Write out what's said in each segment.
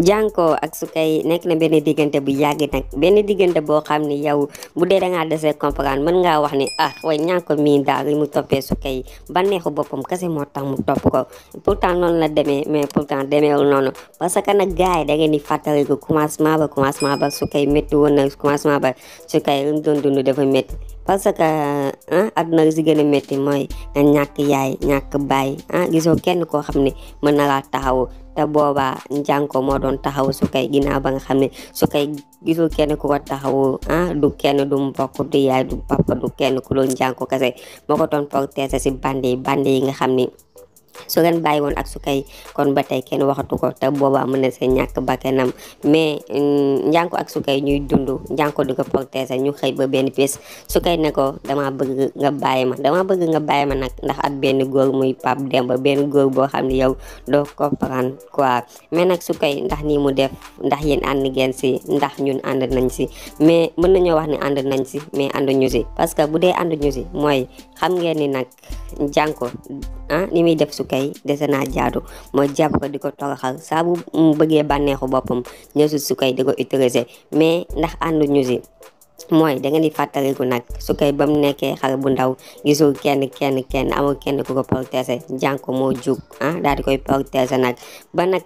Janko ak Sukay nekk na benn diggante bu yàgg nag benn diggante boo xam ni yow bu dee da ngaa dese comprendre mën ngaa wax ni ah way Ñanko mii daal mu toppee Sukay ba neexu boppam kase moo tax mu topp ko pourtant noonu la demee mais pourtant demeewul noonu parce que nag gars yi da ngeen di fàttali ko commencement ba commencement ba Sukay métti woon na commencement ba Sukay lu mu doon dund dafa métti. parce que ah adduna li si gën métti mooy nga ñàkk yaay ñàkk baay ah gisoo kenn koo xam ne mën na laa taxaw te boobaa njànkoo moo doon taxaw su kay ginnaaw ba nga xam ne su kay gisoo kenn ku ko taxaw ah du kenn du mbokk du yaay du papa du kenn ku loolu njànkoo kese moo ko doon foog teese si bandi yi bandi yi nga xam ni su ngeen bàyyi woon ak su kay kon ba tey kenn waxatu ko te boobaa mën na see ñàkk bakkanam mais mm, njànko ak su kay ñuy dund njànko di ko protéger ñu xëy ba benn bés su kay ne ko dama bëgg nga bàyyi ma dama bëgg nga bàyyi ma nag ndax ak benn góor muy Pape Demba benn góor boo xam ne yow doo comprendre quoi mais nag su kay ndax nii mu def ndax yéen ànd ngeen si ndax ñu ànd nañ si mais mën nañoo wax ni ànd nañ si mais ànd ñu si parce que bu dee ànd ñu si mooy xam ngeen ni nag njànko ah su kay dese naa jaadu mooy jàpp ko di ko toroxal saa bu mu bëggee bànneexu boppam ñësu su kay di ko utiliser mais ndax and ñu si mooy danga ngeen di fàttaliku nag su kay ba mu nekkee xale bu ndaw gisul kenn kenn kenn amul kenn ku ko protéger jànko moo jug ah daal di koy protéger nag ba nag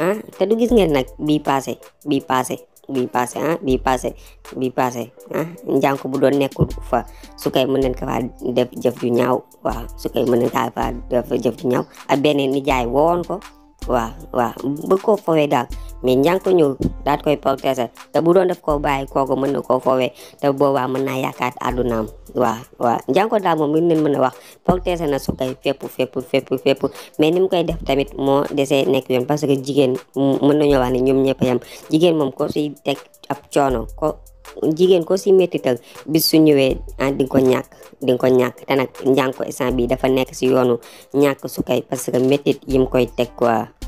ah, te du gis ngeen nag bii passé bii passé bii passé ah bii passé bii passé ah njàng bu doon nekkul fa su kay mën nañ ko faa def jëf ju ñaaw waaw su kay mën nañ kaa faa def jëf ju ñaaw ak beneen nijaay woon ko waaw waaw bëgg koo foowee daal mais njàng ko ñuul daal koy protéger te bu doon def koo bàyyi kooku mën na koo foowee te boobaa mën na yaakaar àddunaam waaw waaw njàng ko daal moom li leen mën a wax protéger na su koy fépp fépp fépp fépp mais ni mu koy def tamit moo desee nekk yoon parce que jigéen mën nañoo wax ne ñoom ñëpp yam jigéen moom ko siy teg ab coono ko jigéen ko si méttital bis su ñëwee ah di nga ko ñàkk di ko ñàkk te nag njàng bi dafa nekk si yoonu ñàkk su koy parce que méttit yim koy teg quoi